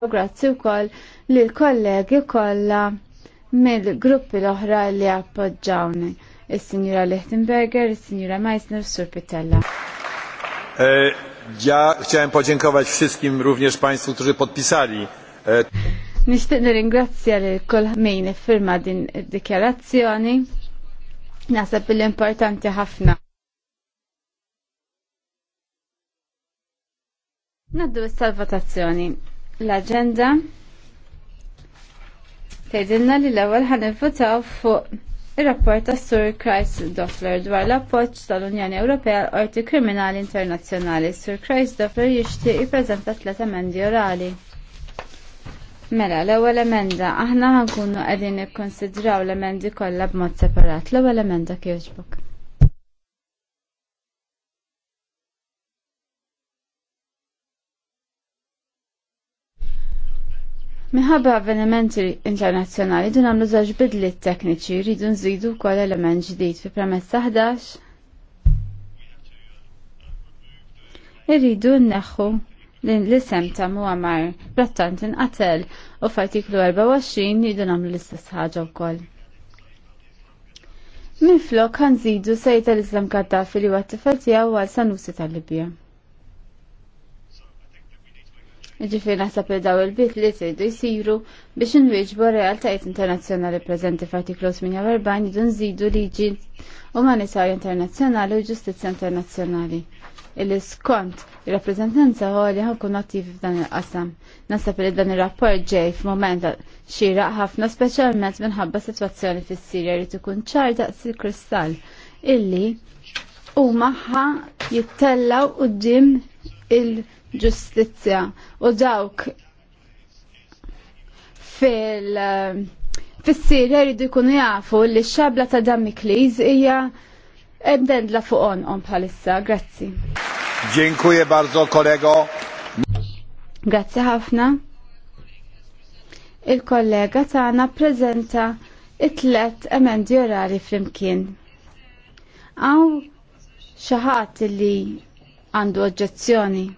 U grazzi wkoll lill kollegi kollha mill-gruppi l-oħra li appoġġawni. il sinjura Lichtenberger, il signora Meissner, Sur Pitella. E, ja chciałem podziękować wszystkim, również Państwu, którzy podpisali. E... Nixtieq nirringrazzja lil kull min firma din id-dikjarazzjoni. Naħseb l-importanti ħafna. Naddu s-salvatazzjoni l-agenda tgħidilna li l-ewwel ħanivvutaw fuq ir-rapport ta' Sur Christ Doffler dwar l-appoġġ tal-Unjoni Ewropea l Qorti Kriminali Internazzjonali. Sur Christ Doffler jixtieq jippreżenta tliet emendi orali. Mela, l-ewwel emenda, aħna ħankunu qegħdin nikkonsidraw l-emendi kollha b'mod separat. L-ewwel emenda kif Minħabba avvenimenti internazzjonali dun għamlu żewġ bidliet tekniċi rridu nżidu wkoll element ġdid fi premess 11 irridu nneħħu l-isem ta' Muammar Brattant inqatel u f'artiklu 24 jridu nagħmlu l-istess ħaġa wkoll. Minflok ħanżidu sejta l-Islam Kaddafi li għattifatija t tiegħu għal Sanusi tal-Libja. Ġifiri naħseb li daw il-bit li tridu jisiru biex nwieġbu realtajiet internazzjonali preżenti f'artiklu 48 jidu nżidu liġi umanitarja internazzjonali u ġustizzja internazzjonali. Illi skont il-rappreżentanza huwa li ħankun attivi f'dan il-qasam. Naħseb li dan ir-rapport ġej f'mument xira ħafna speċjalment minħabba sitwazzjoni fis-Sirja li ikun ċar daqs il-kristall illi huma maħħa jittellaw quddiem il-, -kristall, ġustizzja u dawk fil fis-Sirja jridu jkunu jafu li x-xabla ta' Damikliż hija ebdendla fuq onqom bħalissa. Grazzi. Dziękuję bardzo kolego. Grazzi ħafna. Il-kollega tagħna prezenta it-tlet emendi orali flimkien. Għaw xaħat li għandu oġġezzjoni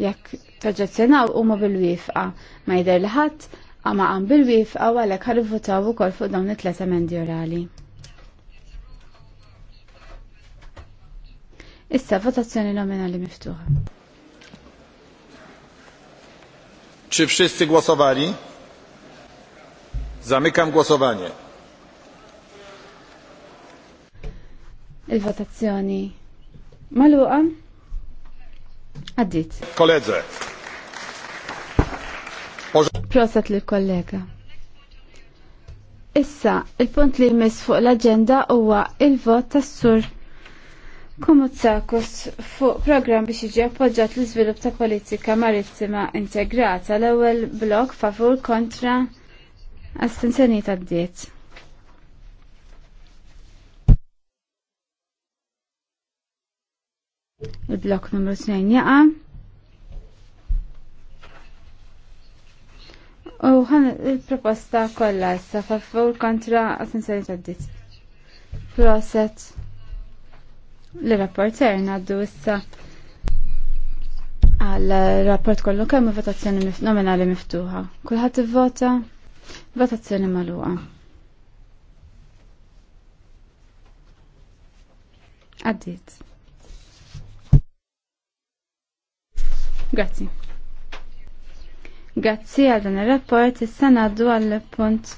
jekk taġġazzjonaw huma bil-wifqa ma jidher li ħadd għama għam bil-wifqa u għalek ħarivvutaw u fuq dawn it-tlet emendi orali. Issa votazzjoni nominali miftuħa. Czy wszyscy głosowali? Zamykam głosowanie. Il-votazzjoni maluqa. Għaddit. Kolleġe. Prosat li kollega. Issa, il-punt li jmiss fuq l-agenda huwa il-vot tas-sur Kumutsakos fuq program biex iġi appoġġat l-iżvilupp ta' politika marittima integrata l-ewwel blok favur kontra astenzjoni tad-diet. Il-blok numru 2 jaqa. U ħan il-proposta kollha issa favur kontra assenzjoni tad Proset l-rapporter naddu issa għal rapport kollu kemm votazzjoni nominali miftuħa. Kulħadd ivvota votazzjoni magħluqa. Addit. Grazzi. Grazzi għal dan il-rapport, issa naddu għal punt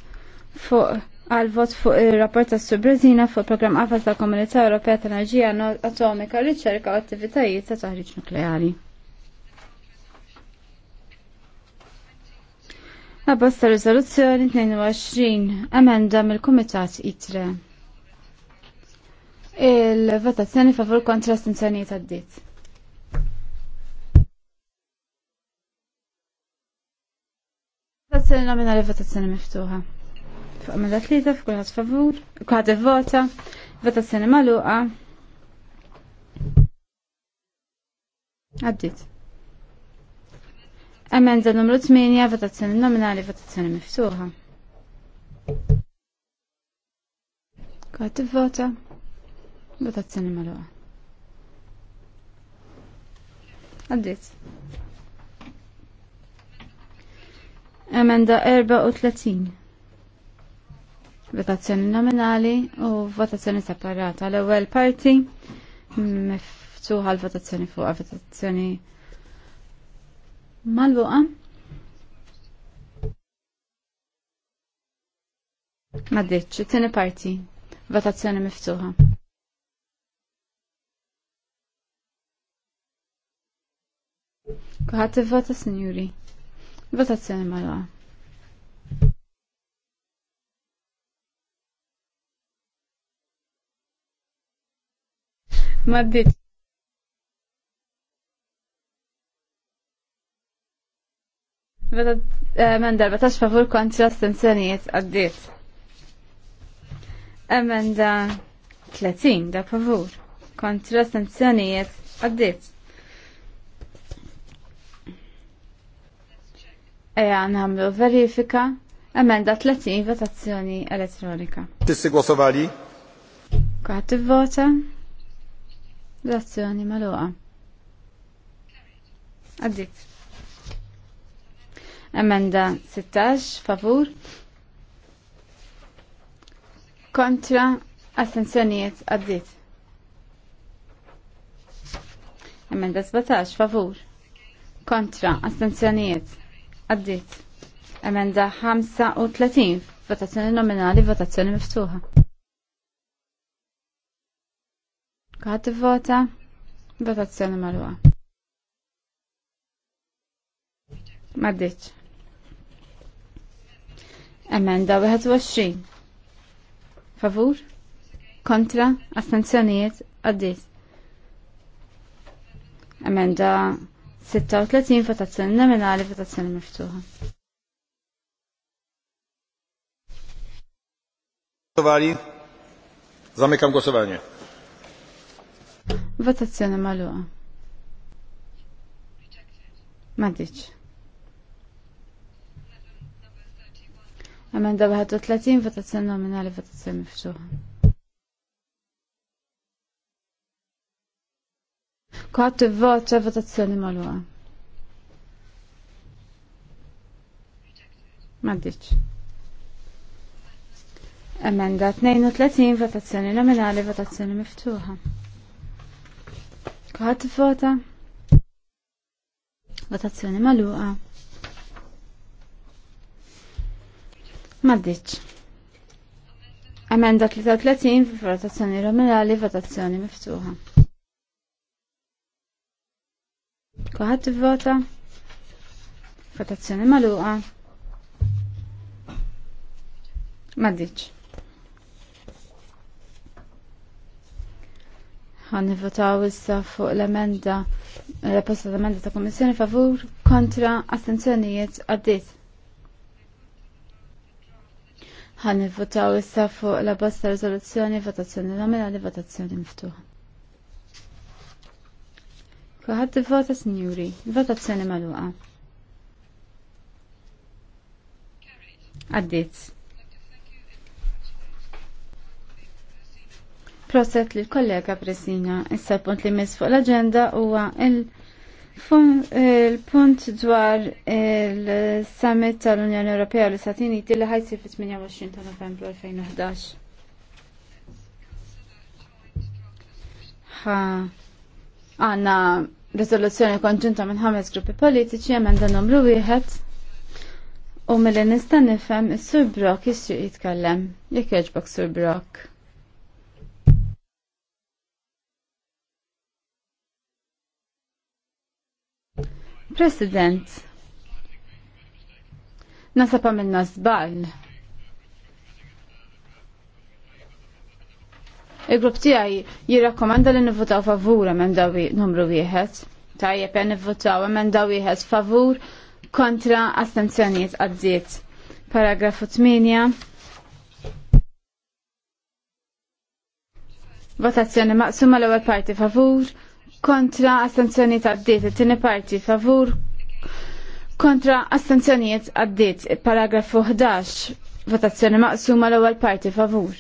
fuq għal vot fuq il-rapport ta' Subrezina fuq program għafas tal Komunità Ewropea tal enerġija Atomika Riċerka u Attivitajiet ta' Taħriġ Nukleari. Abbasta rizoluzzjoni 22 emenda mill-Kumitat ITRE. Il-votazzjoni favur kontra stenzjoni tad-ditt. minna nominali, votazzjoni miftuħa. Fuq mela tlieta, fuq kulħadd favur, kulħadd vota, votazzjoni magħluqa. Għaddit. Emenda numru 8, votazzjoni nominali, votazzjoni miftuħa. Kulħadd vota, votazzjoni magħluqa. Għaddit. Emenda 34. Votazzjoni nominali u votazzjoni separata. L-ewwel parti miftuħa l-votazzjoni fuq votazzjoni mal-buqa. Maddiċ, it-tieni parti. Votazzjoni miftuħa. Kuħat vota, signori. Votazzjoni mala. Maddit. Meta eh, Mendel, meta xfavur kontra astenzjonijiet għaddiet. Emenda 30 da favur kontra astenzjonijiet għaddiet. Eja, namlu verifika. Emenda 30 votazzjoni elettronika. Tissi għosovali? Kħat vota. Votazzjoni maluqa. Għaddit. Emenda 16, favur. Kontra, attenzjoniet, għaddit. Emenda 17, favur. Kontra, attenzjoniet. Għaddit. Emenda 35. Votazzjoni nominali, votazzjoni miftuħa. Kħat vota. Votazzjoni marwa. Maddiċ. Emenda 21. Favur? Kontra? Astenzjonijiet? Għaddit. Emenda 36 votazzjoni nominali votazzjoni miftuħa. Votazzjoni Zamykam głosowanie. Votazzjoni maluqa. Madiċ. Amenda 31 votazzjoni nominali votazzjoni miftuħa. Kħat t-vota votazzjoni mal-għu. Maddiċ. Emenda 32 votazzjoni nominali votazzjoni miftuħa. Kħat t-vota. Votazzjoni maluqa. Maddiċ. Emenda 33 votazzjoni nominali votazzjoni miftuħa. Kuħat vota Votazzjoni maluqa. Maddiċ. Għan votaw issa fuq l-emenda, l apposta l-emenda ta' komissjoni favur kontra astenzjonijiet għaddit. Għan votaw issa fuq l posta rezoluzzjoni votazzjoni nominali votazzjoni miftuħa. Kuħad vota t votazzjoni maluqa. Għaddit. Proset li l kollega Presina, issa punt li mis fuq l-agenda huwa il-punt dwar il-summit tal-Unjoni Ewropea l-Istati Uniti li ħajsir fit-28 ta' Novembru 2011. Ha Għanna rezoluzzjoni konġunta minn ħames gruppi politiċi emenda numru wieħed u mill nista' nifhem is-Sur Brock jixtieq jitkellem. Jekk jogħġbok Sur Brock. President, pa minna zbal Il-grupp tiegħi jirrakkomanda li nivvotaw favur dawi numru wieħed. Tajjeb jen nivvotaw dawi wieħed favur kontra astenzjonijiet għaddiet. Paragrafu 8. Votazzjoni maqsuma l-ewwel parti favur kontra astenzjoniet għaddiet. it tini parti favur kontra astenzjoniet għaddiet. Paragrafu 11. Votazzjoni maqsuma l-ewwel parti favur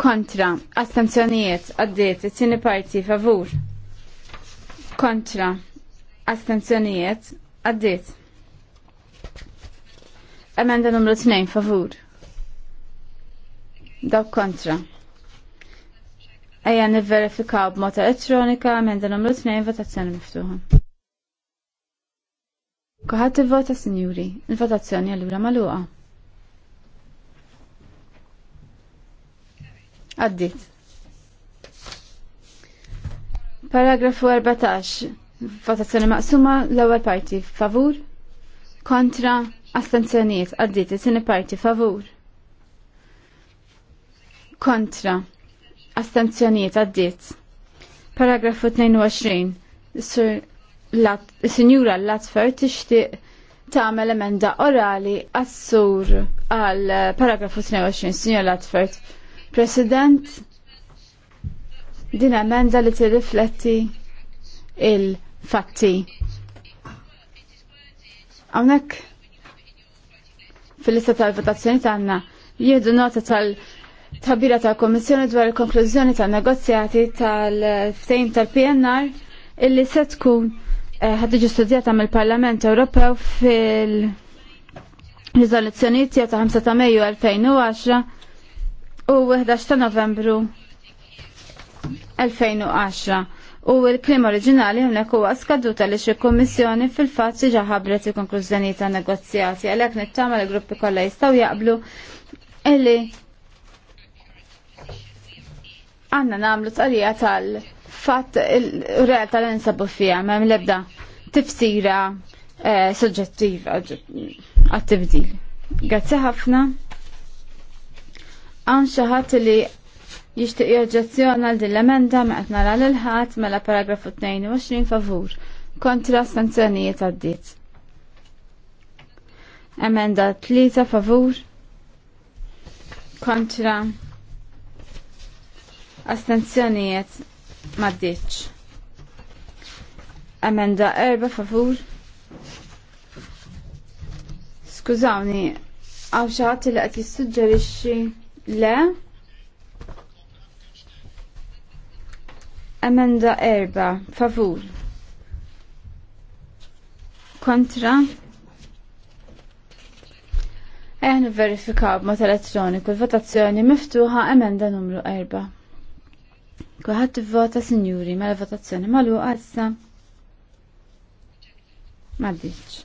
kontra, astenzjonijiet, għaddiet, it-tieni parti, favur, kontra, astenzjonijiet, għaddiet. Emenda numru 2, favur. Daw kontra. Ejja nivverifikaw b'mod elettronika emenda numru 2 votazzjoni miftuħa. Kuħat il-vota, sinjuri, il-votazzjoni għallura maluqa. Għaddit. Paragrafu 14. Votazzjoni maqsuma l-ewwel parti favur, kontra astenzjonijiet għaddit it-tieni parti favur. Kontra astenzjonijiet għaddit. Paragrafu 22. Sur Signura Sinjura Latfer tixtieq tagħmel emenda orali għas-sur għal paragrafu 22. Sinjura Latfer President, din emenda li tirrifletti il-fatti. Għonek fil-lista tal-votazzjoni t'anna, jieħdu nota tal-tabira tal-Komissjoni dwar il-konklużjoni tan-negozjati tal-ftejn tal-PNR illi se tkun eh, ħadġi studjata mill-Parlament Ewropew fil-riżoluzzjoni tiegħu ta' 5 ta' Mejju 2010 u 11 ta' novembru 2010 u l-klim oriġinali hemmhekk huwa skaduta li xi kummissjoni fil-fatt ġa ħabret il-konklużjoni ta' negozjati għalhekk nittama li gruppi kollha jistgħu jaqblu illi għandna nagħmlu tqarija tal-fatt il-realtà li ninsabu fiha m'hemm l-ebda tifsira eh, soġġettiva għat-tibdil. Grazzi ħafna. Għan xaħat li jishtiq għal l emenda ma qed nara l ħadd mela paragrafu 22 favur kontra sanzjonijiet għaddiet. Emenda 3 favur kontra astenzjonijiet maddiċ. Emenda 4 favur Skużawni, għaw xaħat li għat jissuġġerixi Le. Amenda erba. Favur. Kontra. Eħn verifikaw b'mod elettroniku l-votazzjoni miftuħa emenda numru 4. t-vota signuri ma mela votazzjoni magħluqa issa. Ma' diċ.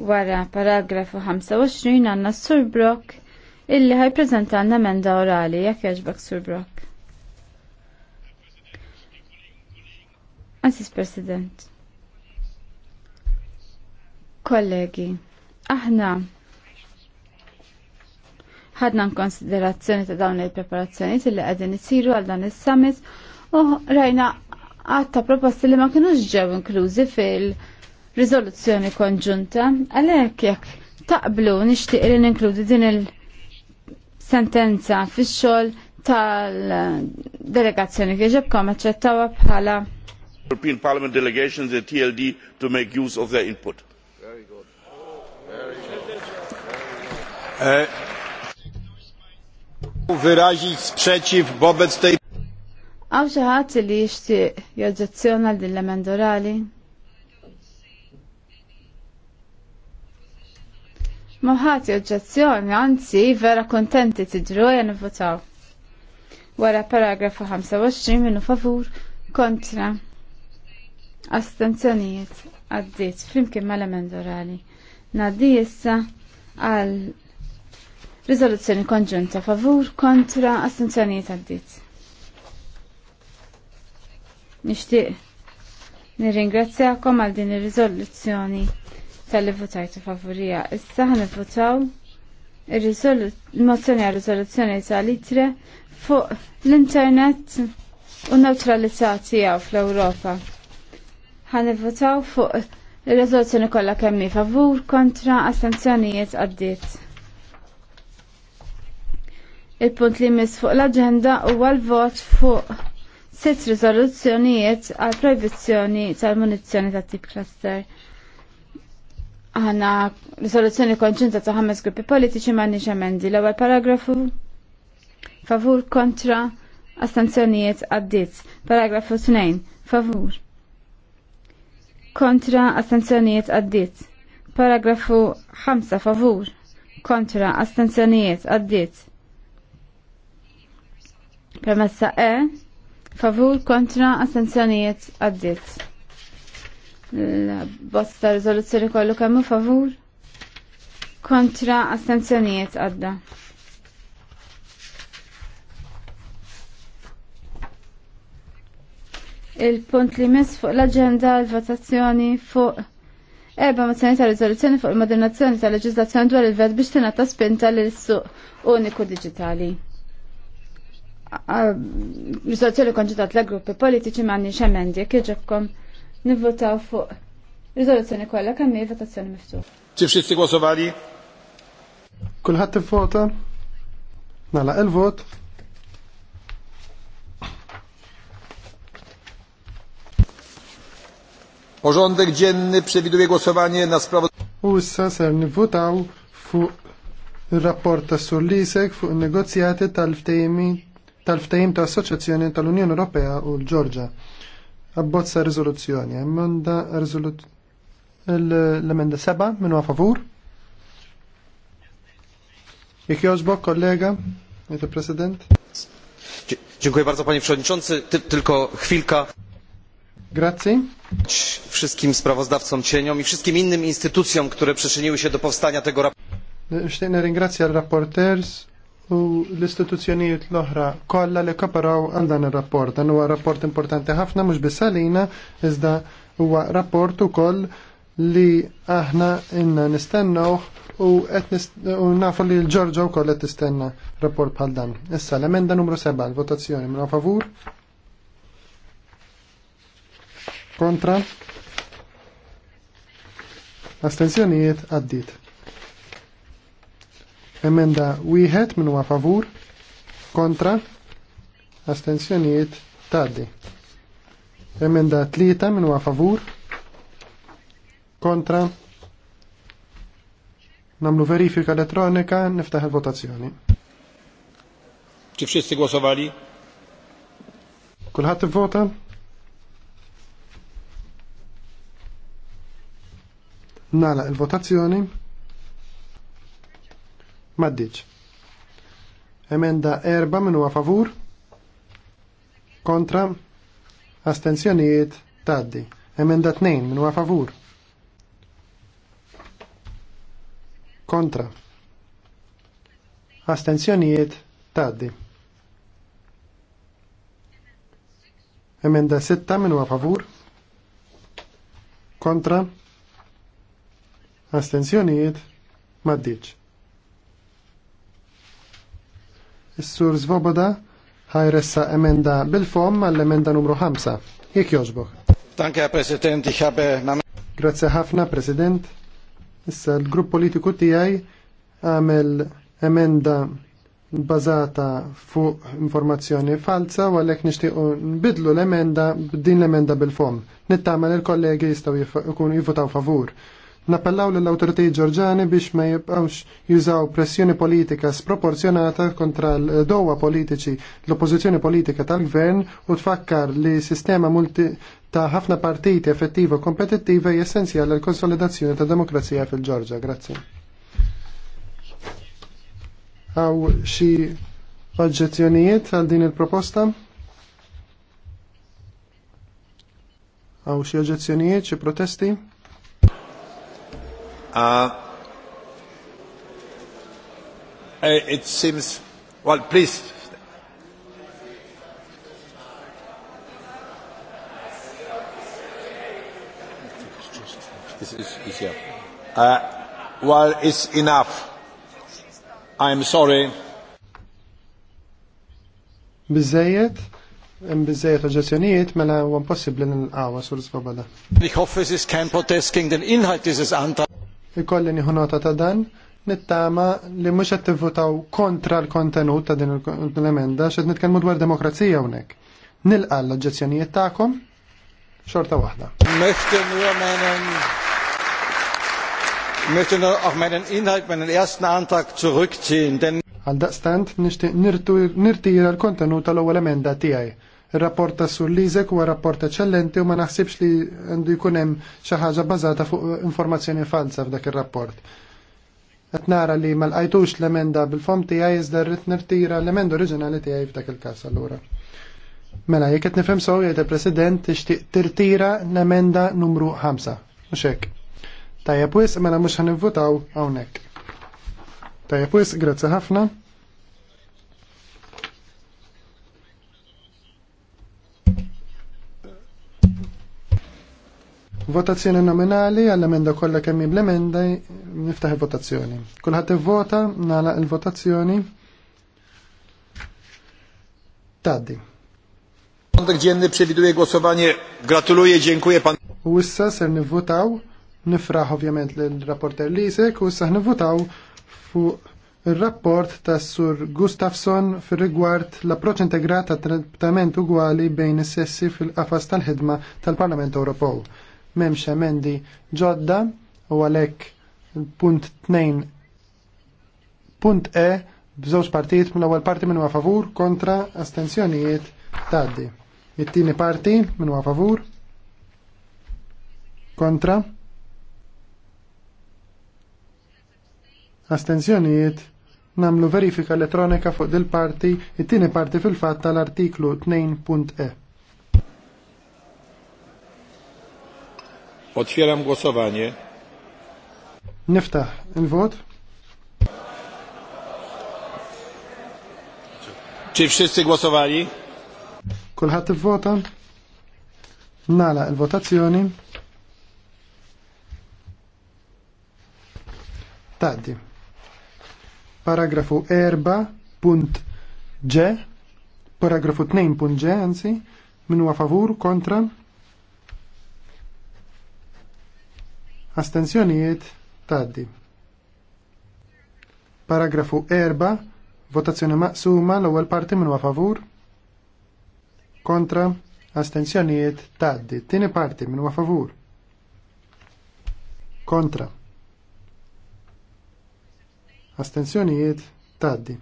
Wara paragrafu 25 għanna Sur Brock illi ħajprezentanna emenda orali jekk jaġbak Sur Brock. Assis President. Kollegi, aħna ħadna konsiderazzjoni ta' dawn il-preparazzjoniet li qegħdin isiru għal dan is-summit u rajna għatta proposti li ma kienux ġew inklużi fil- rizoluzzjoni konġunta, għalek jek taqblu nishtiq li ninkludi din il-sentenza fix-xogħol tal-delegazzjoni kieġebkom aċċettawha bħala European Parliament delegations at TLD to make use of their input. Eh, wyrazić sprzeciw wobec tej Għaw xaħat li jishtiq joġġazzjona l-dillement Mawħati oġġazzjoni, anzi, vera kontenti t-idru jen votaw. Wara paragrafu 25 minnu favur kontra astenzjonijiet għaddit flimkien mal-emend orali. Naddi issa għal rizoluzzjoni konġunta favur kontra astenzjonijiet għaddit. Nishtiq nirringrazzjakom għal din ir-riżoluzzjoni tal votajtu favorija. Issa ħan votaw il-mozzjoni għal risoluzzjoni tal-itre fuq l-internet u neutralizzati tiegħu fl-Ewropa. Ħan votaw fuq il-risoluzzjoni kollha kemm favur kontra astenzjonijiet għaddit. Il-punt li mis fuq l-agenda huwa l-vot fuq sitt riżoluzzjonijiet għal proibizzjoni tal-munizzjoni tat-tip cluster. Għanna risoluzzjoni konċinta ta' ħames gruppi politiċi ma' nix emendi. L-ewwel paragrafu favur kontra astanzjonijiet għaddit. Paragrafu 2 favur kontra astanzjonijiet għaddit. Paragrafu 5 favur kontra astanzjonijiet għaddit. Premessa E favur kontra astanzjonijiet għaddit l bosta rizoluzzjoni kollu kemm favur kontra astenzjonijiet għadda. Il-punt li mis fuq l-agenda l-votazzjoni fuq Erba mozzjoni ta' rizoluzzjoni fuq il-modernazzjoni ta' leġislazzjoni dwar il-vet biex tingħata spinta lil suq uniku diġitali. Rizoluzzjoni konġitat l-gruppi politiċi ma' nix emendi, nivvotaw fuq Rizoluzzjoni kollha kemm hija votazzjoni miftuħ. Tif xi sovali? Kulħadd tivvota? Nagħlaq il-vot. Porządek dzienny przewiduje głosowanie na sprawę. U issa ser nivvotaw fuq il-rapport ta' Sur Lisek fuq negozjati tal-ftejim ta' Assoċjazzjoni tal-Unjoni Ewropea u l-Ġorġa abbozza rizoluzzjoni. Emenda l-emenda seba' minu a favur. Jek jożbok, kollega, jete president. Dziękuję bardzo panie przewodniczący. Ty, tylko chwilka. Grazie. Wszystkim sprawozdawcom cieniom i wszystkim innym instytucjom, które przyczyniły się do powstania tego raportu. Ringrazio il rapporteurs u l-istituzzjonijiet l-oħra kollha li kaparaw għal dan ir-rapport. Dan huwa rapport importanti ħafna mhux biss għalina, iżda huwa rapport ukoll li aħna inna nistennuh u qed nafu li l-Ġorġa wkoll qed tistenna rapport bħal dan. Issa l-emenda numru 7 l-votazzjoni minn favur. Kontra. Astenzjonijiet għaddit. Emenda wieħed minn huwa favur kontra astensjonijiet tgħaddi. Emenda tlieta minn huwa favur kontra namlu verifika elettronika niftaħ il-votazzjoni. Czy wszyscy głosowali? Kulħat vota? Nala il-votazzjoni. Maddiċ. Emenda erba minn huwa favur. Kontra. Astenzjonijiet taddi. Emenda tnejn minn huwa favur. Kontra. Astenzjonijiet taddi. Emenda sitta minn huwa favur. Kontra. Astenzjonijiet maddiċ. Is-Sur Svoboda ħajressa emenda bil-fom għall-emenda numru 5. Jek joġbok. Danke, President, ich habe... Grazie ħafna, President. Issa l-grupp politiku tiegħi għamel emenda bazata fuq informazzjoni falsa u għalhekk nishtiqu nbidlu l-emenda din l-emenda bil-fom. Nittamal il-kollegi jistgħu jkunu favur. Nappellaw lill-awtoritajiet ġorġani biex ma jibqawx jużaw pressjoni politika sproporzjonata kontra l-dowa politiċi l-oppożizzjoni politika tal-gvern u tfakkar li sistema multi ta' ħafna partiti effettiva u kompetittiva hija essenzjali l konsolidazzjoni ta' demokrazija fil-Ġorġa. Grazzi. Għaw xi oġġezzjonijiet għal din il-proposta? Għaw xi oġġezzjonijiet, xi protesti? Uh, eh, it seems, well, please. This is easier. Uh, well, it's enough. I'm sorry. Bizzejiet, hemm bizzejiet oġġezzjonijiet mela huwa impossibbli nilqgħuha sur Svoboda. Ich hoffe, es ist kein Protest gegen den Inhalt dieses Antrags ikolli nieħu nota ta' dan, nittama li mhux qed tivvutaw kontra l-kontenut ta' din l-emenda x'qed nitkellmu dwar demokrazija hawnhekk. Nilqa l-oġġezzjonijiet tagħkom xorta waħda. Ich möchte nur auf meinen Inhalt, meinen ersten Antrag zurückziehen, denn għal daqstant nixtieq nirtira l-kontenut tal-ewwel emenda tiegħi Il-rapport ta' sur u huwa rapport eċċellenti u ma naħsibx li għandu jkun hemm xi ħaġa bażata fuq informazzjoni falsa f'dak ir-rapport. Qed nara li ma lqajtux l-emenda bil-fom tiegħi iżda rrid nirtira l-emenda oriġinali tiegħi f'dak il-każ allura. Mela, jekk qed nifhem sew jgħid il-President tixtieq tirtira l-emenda numru 5. Muxek. hekk. Tajja pwis, mela mhux ħanivvutaw hawnhekk. Tajja pwis, grazzi ħafna. Votazzjoni nominali għall-emenda kollha kemm bl-emenda niftaħ il-votazzjoni. Kulħadd ivvota nagħlaq il-votazzjoni. Taddi. Porządek ġenni przewiduje għosovani, Gratuluję, dziękuję pan. Ussa ser nivvotaw, nifraħ ovvjament l-rapporter Lisek, ussa nivvotaw fu il-rapport ta' Sur Gustafsson fir rigward l proċ integrata trattament ugwali bejn is-sessi fil-qafas tal-ħidma tal-Parlament Ewropew memx emendi ġodda u għalek punt 2 punt E bżewġ partijiet minn għal parti minn huwa favur kontra astenzjonijiet taddi. It-tieni parti minn huwa favur kontra astenzjonijiet namlu verifika elettronika fuq dil-parti it-tieni parti fil-fatt tal-artiklu 2.e. Otwieram głosowanie. Niftaħ il-vot. Czy wszyscy głosowali? Kulhaty il Nala il-votazzjoni. Taddi. Paragrafu erba. G. Paragrafu tnejn. G anzi. Minu favur, kontra. Astenzjonijiet taddi. Paragrafu 4. Votazzjoni maqsuma l-ewwel parti minn favur. Kontra. Astenzjonijiet taddi. Tieni parti minn favur. Kontra. Astenzjonijiet taddi.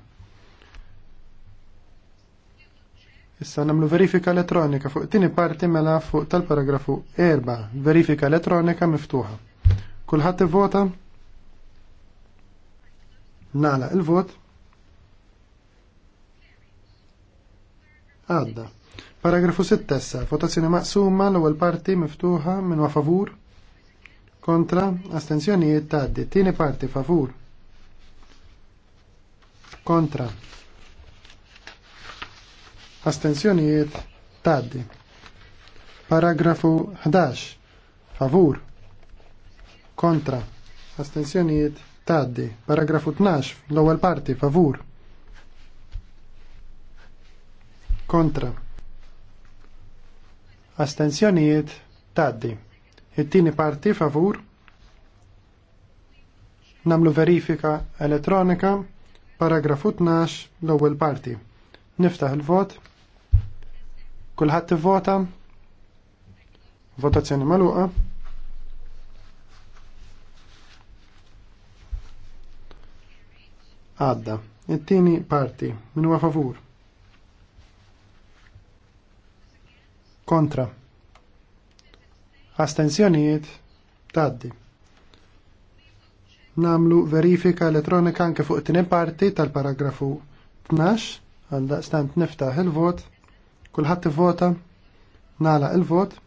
Issa namlu verifika elettronika fuq tini parti mela fuq tal-paragrafu 4. Verifika elettronika miftuħa. Kulħadd ivvota? Nala il-vot. Għadda. Paragrafu 6 Votazzjoni maqsuma l-ewwel parti miftuħa minn wa favur. Kontra, astenzjonijiet tgħaddi. Tieni parti favur. Kontra. Astenzjonijiet tgħaddi. Paragrafu 11. Favur kontra, astensjonijiet taddi. Paragrafu 12, l-ewwel parti, favur. Kontra. Astensjonijiet taddi. It-tieni parti favur. Namlu verifika elettronika, paragrafu 12, l-ewwel parti. Niftaħ il-vot. Kulħadd ivvota. Votazzjoni magħluqa. għadda. It-tieni parti min huwa favur. Kontra. Astenzjonijiet taddi. Namlu verifika elettronika anke fuq it-tieni parti tal-paragrafu 12 għal stant niftaħ il-vot, kulħadd ivvota, nala il-vot,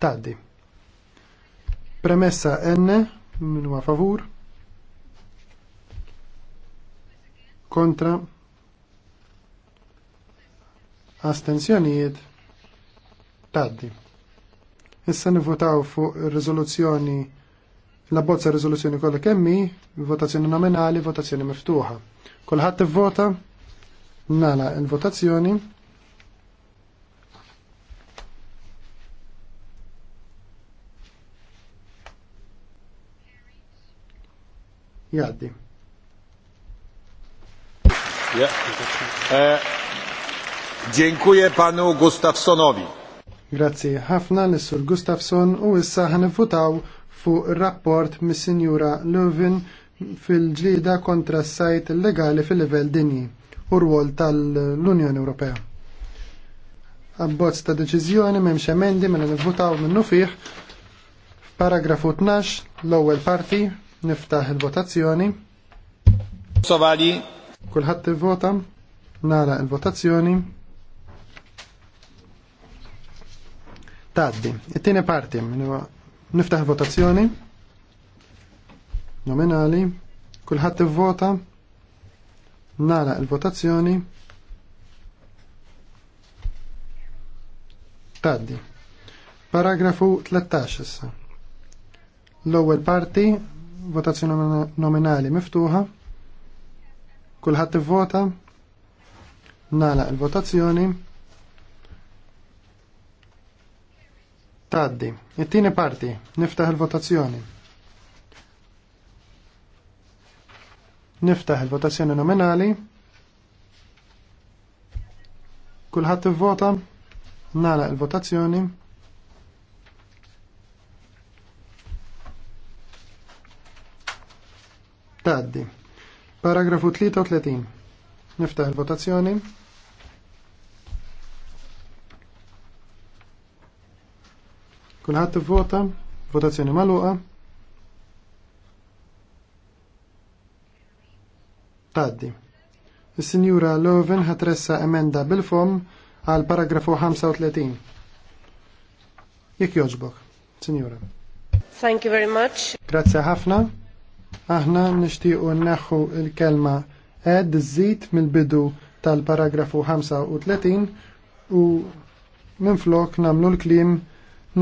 taddi. Premessa N Min huwa favur? Kontra? Astenzjonijiet? Taddi. Issa nivvotaw fuq ir-riżoluzzjoni la bozza riżoluzzjoni kollha kemmi, votazzjoni nominali, votazzjoni miftuħa. Kulħadd ivvota? Nala, il-votazzjoni. jgħaddi. E, dziękuję panu Gustafsonowi. Grazzi ħafna Nissur Gustafson u issa ħanifutaw fuq rapport mis sinjura Lövin fil-ġlida kontra s-sajt legali fil-livell dinji u rwol tal-Unjoni Ewropea. Abbozz ta' deċiżjoni m'hemmx emendi mela nivvutaw minnu fih f'paragrafu 12 l-ewwel parti Niftaħ il-votazzjoni. Sovali. Kulħadd ivvota. Nara il-votazzjoni. Taddi. It-tieni parti. Niftaħ il-votazzjoni. Nominali. Kulħadd ivvota. Nara il-votazzjoni. Taddi. Paragrafu 13 issa. L-ewwel parti votazzjoni nominali miftuħa. Kulħadd ivvota. nagħlaq il-votazzjoni. Taddi. It-tieni parti, niftaħ il-votazzjoni. Niftaħ il-votazzjoni nominali. Kulħadd ivvota. Nagħlaq il-votazzjoni. Taddi. Paragrafu 33. Niftaħ il-votazzjoni. Kulħadd ivvota, votazzjoni magħluqa. Taddi. Is-Sinjura Loven ħatressa emenda bil-fom għal paragrafu 35. Jekk joġbok, Sinjura. Thank you very much. Grazzi ħafna. Aħna nixtiequ nneħħu il-kelma ed żid mill-bidu tal-paragrafu 35 u minflok namlu l-klim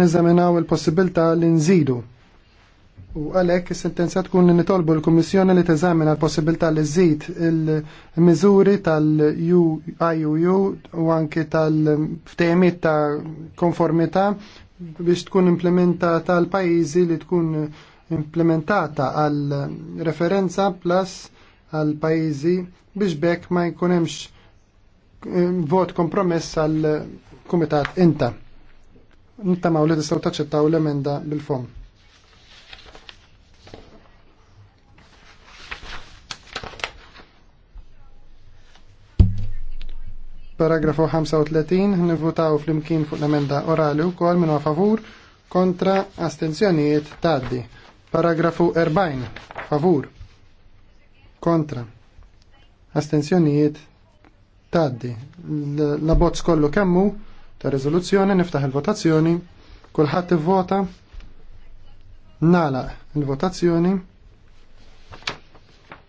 niżaminaw il-possibilità li nżidu. U għalek, sentenza tkun li nitolbu l kummissjoni li teżamina l-possibilità li żid il-miżuri tal uiuu u anki tal-ftehimiet ta' konformità biex tkun implementata tal-pajjiżi li tkun implementata għal referenza plus għal pajizi biex bekk ma jkunemx eh, vot kompromess għal kumitat inta. Inta ma li tistaw taċċettaw l-emenda bil-fom. Paragrafu 35, nivutaw fl-imkien fuq l-emenda orali u kol minu għafavur kontra astenzjonijiet taddi. Paragrafu 40. Favur. Kontra. Astenzjonijiet. Taddi. La bozz kollu kemmu ta' rezoluzzjoni niftaħ il-votazzjoni. Kulħadd ivvota. Nalaq il-votazzjoni.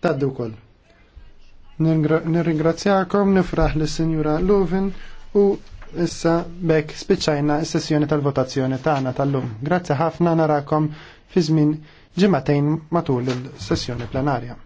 Taddi wkoll. Nirringrazzjakom, nifraħ l sinjura Luvin u issa bekk spiċċajna s-sessjoni tal-votazzjoni tagħna tal-lum. Grazzi ħafna narakom fi żmien ġimagħtejn matul il-sessjoni plenarja.